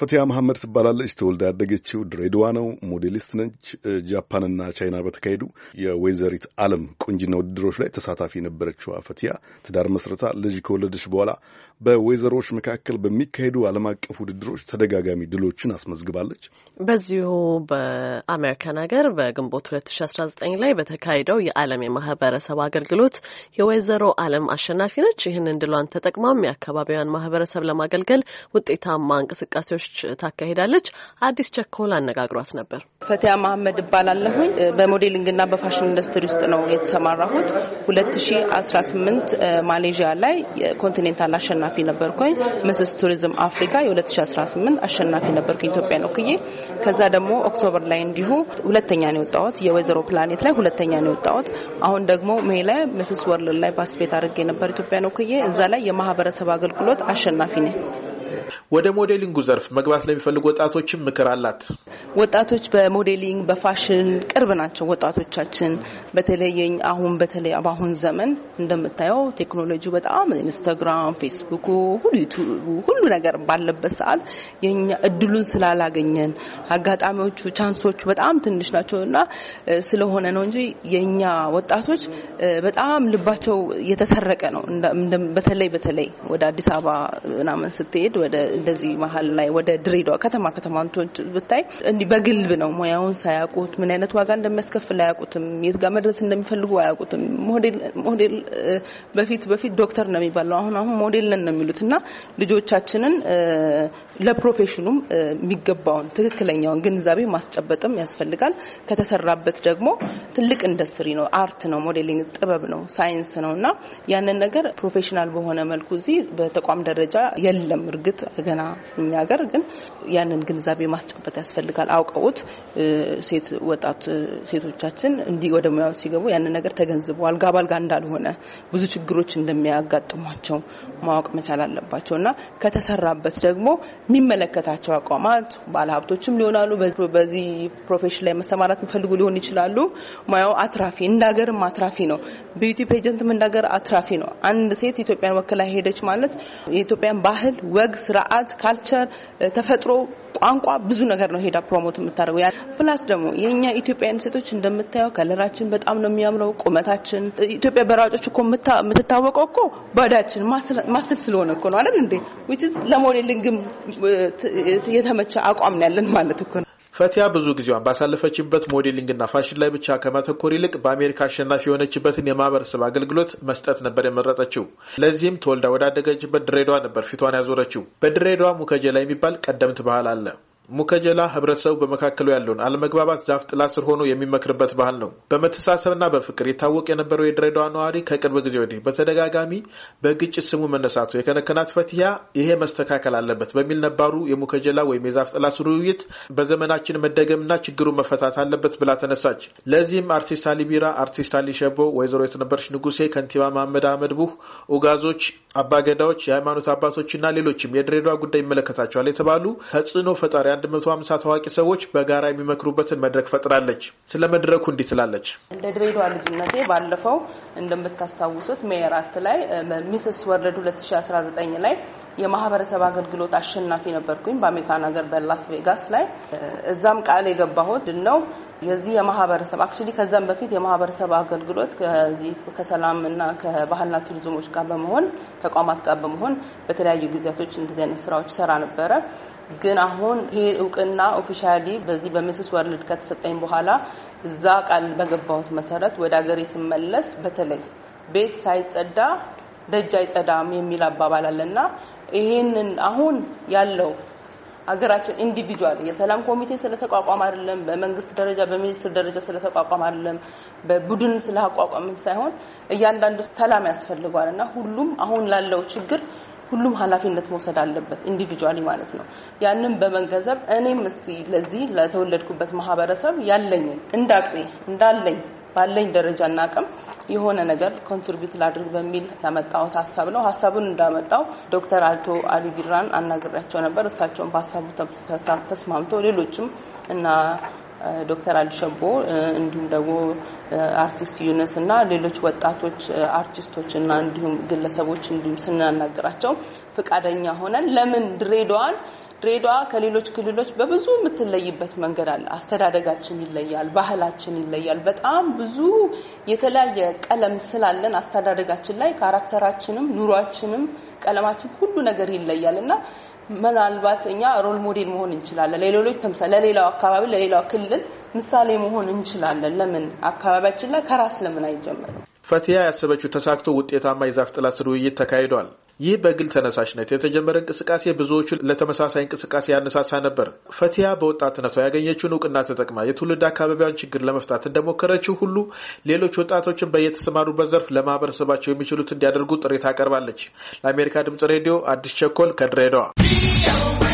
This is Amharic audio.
ፈቲያ መሐመድ ትባላለች። ተወልዳ ያደገችው ድሬድዋ ነው። ሞዴሊስት ነች። ጃፓንና ቻይና በተካሄዱ የወይዘሪት ዓለም ቁንጅና ውድድሮች ላይ ተሳታፊ የነበረችው ፈቲያ ትዳር መስረታ ልጅ ከወለደች በኋላ በወይዘሮች መካከል በሚካሄዱ ዓለም አቀፍ ውድድሮች ተደጋጋሚ ድሎችን አስመዝግባለች። በዚሁ በአሜሪካን ሀገር በግንቦት 2019 ላይ በተካሄደው የዓለም የማህበረሰብ አገልግሎት የወይዘሮ ዓለም አሸናፊ ነች። ይህንን ድሏን ተጠቅማም የአካባቢዋን ማህበረሰብ ለማገልገል ውጤታማ እንቅስቃሴዎች ውይይቶች ታካሄዳለች። አዲስ ቸኮል አነጋግሯት ነበር። ፈቲያ መሀመድ እባላለሁኝ። በሞዴሊንግና በፋሽን ኢንዱስትሪ ውስጥ ነው የተሰማራሁት። ሁለት ሺ አስራ ስምንት ማሌዥያ ላይ ኮንቲኔንታል አሸናፊ ነበርኩኝ። ምስስ ቱሪዝም አፍሪካ የሁለት ሺ አስራ ስምንት አሸናፊ ነበርኩኝ ነው ክዬ። ከዛ ደግሞ ኦክቶበር ላይ እንዲሁ ሁለተኛ ነው የወጣሁት። የወይዘሮ ፕላኔት ላይ ሁለተኛ ነው የወጣሁት። አሁን ደግሞ ሜ ላይ ምስስ ወርልድ ላይ ፓስፔት አድርጌ ነበር ነው ክዬ። እዛ ላይ የማህበረሰብ አገልግሎት አሸናፊ ነኝ። ወደ ሞዴሊንጉ ዘርፍ መግባት ለሚፈልጉ ወጣቶችም ምክር አላት። ወጣቶች በሞዴሊንግ በፋሽን ቅርብ ናቸው። ወጣቶቻችን በተለየ አሁን በተለይ በአሁን ዘመን እንደምታየው ቴክኖሎጂ በጣም ኢንስታግራም፣ ፌስቡክ፣ ሁሉ ነገር ባለበት ሰዓት የኛ እድሉን ስላላገኘን አጋጣሚዎቹ ቻንሶቹ በጣም ትንሽ ናቸው እና ስለሆነ ነው እንጂ የኛ ወጣቶች በጣም ልባቸው የተሰረቀ ነው። በተለይ በተለይ ወደ አዲስ አበባ ምናምን ስትሄድ ወደ እንደዚህ መሀል ላይ ወደ ድሬዳዋ ከተማ ከተማ ብታይ እንዲህ በግልብ ነው ሙያውን ሳያውቁት ምን አይነት ዋጋ እንደሚያስከፍል አያውቁትም። የት ጋር መድረስ እንደሚፈልጉ አያውቁትም። ሞዴል በፊት በፊት ዶክተር ነው የሚባለው፣ አሁን አሁን ሞዴል ነን ነው የሚሉት እና ልጆቻችንን ለፕሮፌሽኑም የሚገባውን ትክክለኛውን ግንዛቤ ማስጨበጥም ያስፈልጋል። ከተሰራበት ደግሞ ትልቅ ኢንዱስትሪ ነው፣ አርት ነው፣ ሞዴሊንግ ጥበብ ነው፣ ሳይንስ ነው እና ያንን ነገር ፕሮፌሽናል በሆነ መልኩ እዚህ በተቋም ደረጃ የለም። እርግጥ ገና እኛ ሀገር ግን ያንን ግንዛቤ ማስጨበጥ ያስፈልጋል። አውቀውት ሴት ወጣት ሴቶቻችን እንዲህ ወደ ሙያው ሲገቡ ያንን ነገር ተገንዝበው አልጋ ባልጋ እንዳልሆነ ብዙ ችግሮች እንደሚያጋጥሟቸው ማወቅ መቻል አለባቸው እና ከተሰራበት ደግሞ የሚመለከታቸው አቋማት ባለሀብቶችም ሊሆናሉ፣ በዚህ ፕሮፌሽን ላይ መሰማራት የሚፈልጉ ሊሆን ይችላሉ። ሙያው አትራፊ እንዳገርም አትራፊ ነው። ቢዩቲ ፔጀንትም እንዳገር አትራፊ ነው። አንድ ሴት ኢትዮጵያን ወክላ ሄደች ማለት የኢትዮጵያን ባህል፣ ወግ፣ ስራ ስርዓት፣ ካልቸር፣ ተፈጥሮ፣ ቋንቋ ብዙ ነገር ነው ሄዳ ፕሮሞት የምታደርገው። ፕላስ ደግሞ የእኛ ኢትዮጵያውያን ሴቶች እንደምታየው ከለራችን በጣም ነው የሚያምረው፣ ቁመታችን። ኢትዮጵያ በራጮች እኮ የምትታወቀው እኮ ባዳችን ማስል ስለሆነ እኮ ነው አይደል እንዴ? ዊች ለሞዴሊንግም የተመቸ አቋም ነው ያለን ማለት እኮ ነው። ፈቲያ ብዙ ጊዜዋን ባሳለፈችበት ሞዴሊንግና ፋሽን ላይ ብቻ ከማተኮር ይልቅ በአሜሪካ አሸናፊ የሆነችበትን የማህበረሰብ አገልግሎት መስጠት ነበር የመረጠችው። ለዚህም ተወልዳ ወዳደገችበት ድሬዳዋ ነበር ፊቷን ያዞረችው። በድሬዳዋ ሙከጀላ የሚባል ቀደምት ባህል አለ። ሙከጀላ ህብረተሰቡ በመካከሉ ያለውን አለመግባባት ዛፍ ጥላ ስር ሆኖ የሚመክርበት ባህል ነው። በመተሳሰብና በፍቅር የታወቅ የነበረው የድሬዳዋ ነዋሪ ከቅርብ ጊዜ ወዲህ በተደጋጋሚ በግጭት ስሙ መነሳቱ የከነከናት ፈትያ ይሄ መስተካከል አለበት በሚል ነባሩ የሙከጀላ ወይም የዛፍ ጥላ ስር ውይይት በዘመናችን መደገምና ችግሩ መፈታት አለበት ብላ ተነሳች። ለዚህም አርቲስት አሊ ቢራ፣ አርቲስት አሊ ሸቦ፣ ወይዘሮ የተነበረች ንጉሴ፣ ከንቲባ መሐመድ አህመድ ቡህ፣ ኡጋዞች፣ አባገዳዎች፣ የሃይማኖት አባቶችና ሌሎችም የድሬዳዋ ጉዳይ ይመለከታቸዋል የተባሉ ተጽዕኖ ፈጣሪያ 150 ታዋቂ ሰዎች በጋራ የሚመክሩበትን መድረክ ፈጥራለች። ስለ መድረኩ እንዲህ ትላለች። እንደ ድሬዳዋ ልጅነቴ ባለፈው እንደምታስታውሱት ሜየር አራት ላይ ሚስስ ወርልድ 2019 ላይ የማህበረሰብ አገልግሎት አሸናፊ ነበርኩኝ በአሜሪካን ሀገር በላስ ቬጋስ ላይ እዛም ቃል የገባሁት ነው የዚህ የማህበረሰብ አክቹዋሊ ከዛም በፊት የማህበረሰብ አገልግሎት ከዚህ ከሰላምና ከባህልና ቱሪዝሞች ጋር በመሆን ተቋማት ጋር በመሆን በተለያዩ ጊዜያቶች እንደዚህ አይነት ስራዎች ሰራ ነበረ። ግን አሁን ይሄ እውቅና ኦፊሻሊ በዚህ በሚስስ ወርልድ ከተሰጠኝ በኋላ እዛ ቃል በገባሁት መሰረት ወደ ሀገሬ ስመለስ በተለይ ቤት ሳይጸዳ ደጅ አይጸዳም የሚል አባባል አለና ይሄንን አሁን ያለው ሀገራችን ኢንዲቪጁዋል የሰላም ኮሚቴ ስለተቋቋም አይደለም፣ በመንግስት ደረጃ በሚኒስትር ደረጃ ስለተቋቋም አይደለም፣ በቡድን ስለአቋቋምን ሳይሆን እያንዳንዱ ሰላም ያስፈልገዋል እና ሁሉም አሁን ላለው ችግር ሁሉም ኃላፊነት መውሰድ አለበት፣ ኢንዲቪጁዋሊ ማለት ነው። ያንን በመገንዘብ እኔም እስቲ ለዚህ ለተወለድኩበት ማህበረሰብ ያለኝን እንዳቅሜ እንዳለኝ ባለኝ ደረጃና አቅም የሆነ ነገር ኮንትሪቢዩት ላድርግ በሚል ያመጣሁት ሀሳብ ነው። ሀሳቡን እንዳመጣው ዶክተር አልቶ አሊ ቢራን አናግሬያቸው ነበር። እሳቸውን በሀሳቡ ተስማምቶ ሌሎችም እና ዶክተር አልሸቦ እንዲሁም ደግሞ አርቲስት ዩነስ እና ሌሎች ወጣቶች አርቲስቶች እና እንዲሁም ግለሰቦች እንዲሁም ስናናገራቸው ፈቃደኛ ሆነን ለምን ድሬዳዋን ድሬዳዋ ከሌሎች ክልሎች በብዙ የምትለይበት መንገድ አለ። አስተዳደጋችን ይለያል፣ ባህላችን ይለያል። በጣም ብዙ የተለያየ ቀለም ስላለን አስተዳደጋችን ላይ ካራክተራችንም፣ ኑሯችንም፣ ቀለማችን ሁሉ ነገር ይለያል እና ምናልባት እኛ ሮል ሞዴል መሆን እንችላለን ለሌሎች ተምሳ ለሌላው አካባቢ ለሌላው ክልል ምሳሌ መሆን እንችላለን። ለምን አካባቢያችን ላይ ከራስ ለምን አይጀመርም? ፈቲያ ያሰበችው ተሳክቶ ውጤታማ የዛፍ ጥላ ስር ውይይት ተካሂዷል። ይህ በግል ተነሳሽነት የተጀመረ እንቅስቃሴ ብዙዎቹ ለተመሳሳይ እንቅስቃሴ ያነሳሳ ነበር። ፈቲያ በወጣትነቷ ያገኘችውን እውቅና ተጠቅማ የትውልድ አካባቢዋን ችግር ለመፍታት እንደሞከረችው ሁሉ ሌሎች ወጣቶችን በየተሰማሩበት ዘርፍ ለማህበረሰባቸው የሚችሉት እንዲያደርጉ ጥሪ ታቀርባለች። ለአሜሪካ ድምጽ ሬዲዮ አዲስ ቸኮል ከድሬዳዋ